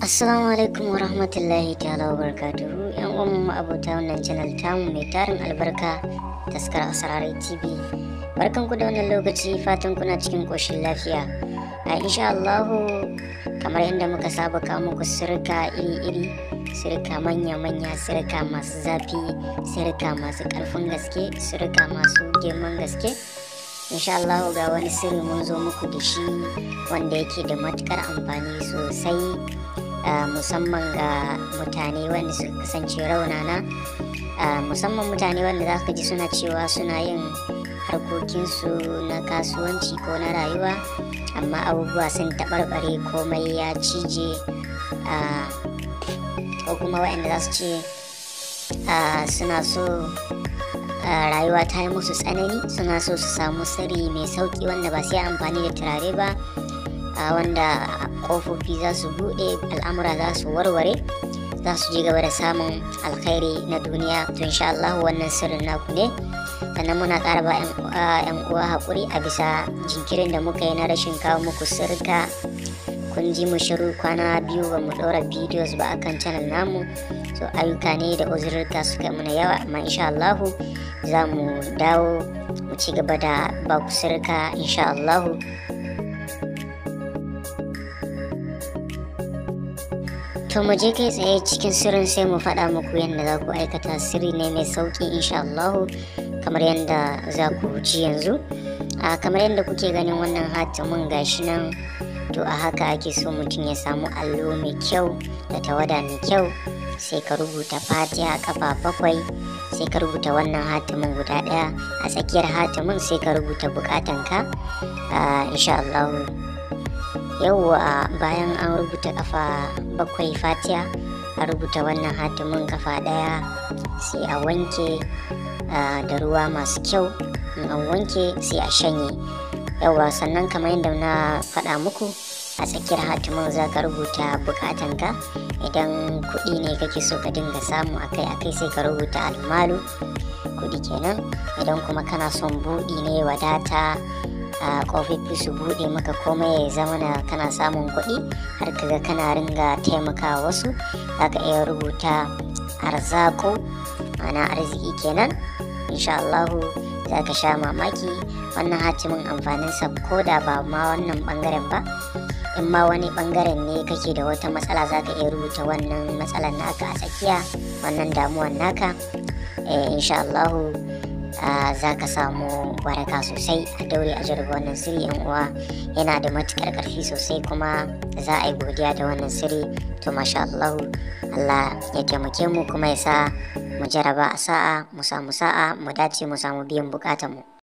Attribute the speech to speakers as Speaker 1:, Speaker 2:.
Speaker 1: Assalamu alaikum wa rahmatullahi ta'ala wa barakatuhu yan uwan abota wannan channel tamu mai tarin albarka taskar asrarai tv barkan ku da wannan lokaci fatan kuna cikin koshin lafiya a insha Allahu kamar yadda muka saba ka muku sirka iri-iri sirka manya-manya sirka masu zafi sirka masu karfin gaske sirka masu girman gaske insha Allah ga wani sirri mun zo muku da shi wanda yake da matukar amfani sosai Ah, musamman ga mutane wanda suka kasance raunana ah, musamman mutane wanda za ka ji suna cewa suna yin harkokinsu na kasuwanci ko na rayuwa amma abubuwa sun taɓarɓare komai ya cije ah, ko kuma waɗanda za su ce suna so rayuwa ta yi musu tsanani suna so su samu sari mai sauƙi wanda ba yi amfani da turare ba Ah, wanda kofofi za su buɗe al'amura za su warware za su ji gaba da samun alkhairi na duniya to insha Allah wannan sirrin naku ne sannan muna ƙara ba 'yan uwa hakuri a bisa jinkirin da muka yi na rashin kawo muku sirrika kun ji mu shiru kwana biyu ba mu ɗora videos ba akan channel namu so ayyuka ne da uzurka suka yi muna yawa amma insha Allah za mu dawo mu ci gaba da ba ku sirrika insha Allah To mu je kai tsaye cikin sirrin sai mu faɗa muku yadda za ku aikata sirri ne mai sauƙi insha Allah kamar yadda za ku ji yanzu. A kamar yadda kuke ganin wannan hatimin gashi nan to a haka ake so mutum ya samu allo mai kyau da tawada mai kyau sai ka rubuta fatiha kafa bakwai sai ka rubuta wannan hatimin guda ɗaya a tsakiyar hatimin sai ka rubuta buƙatanka insha Allah. yauwa bayan an rubuta kafa bakwai fatiya a rubuta wannan hatimin kafa daya sai a wanke da ruwa masu kyau an wanke sai a shanye yauwa sannan kamar yadda na faɗa muku a tsakiyar hatimin za ka rubuta bukatanka idan kuɗi ne kake so ka dinga samu akai-akai sai ka rubuta almalu kuɗi kenan idan kuma kana son buɗi ne wadata kofofi su buɗe maka komai ya zama na kana samun kuɗi har kaga kana ringa taimaka wasu zaka iya rubuta arzako ma'ana arziki kenan insha Allahu za ka sha mamaki wannan hatimin sa ko da ba ma wannan bangaren ba in ma wani bangaren ne kake da wata matsala za ka iya rubuta wannan matsalar naka a tsakiya wannan damuwan naka eh, insha Allahu Ah, za ka samu baraka sosai a daure a jirgin wannan sirri yan uwa yana da matukar karfi sosai kuma za a yi godiya da wannan sirri to masha Allah Allah ya taimake mu kuma ya sa mu jaraba a sa'a mu samu sa'a mu dace mu samu biyan bukatan mu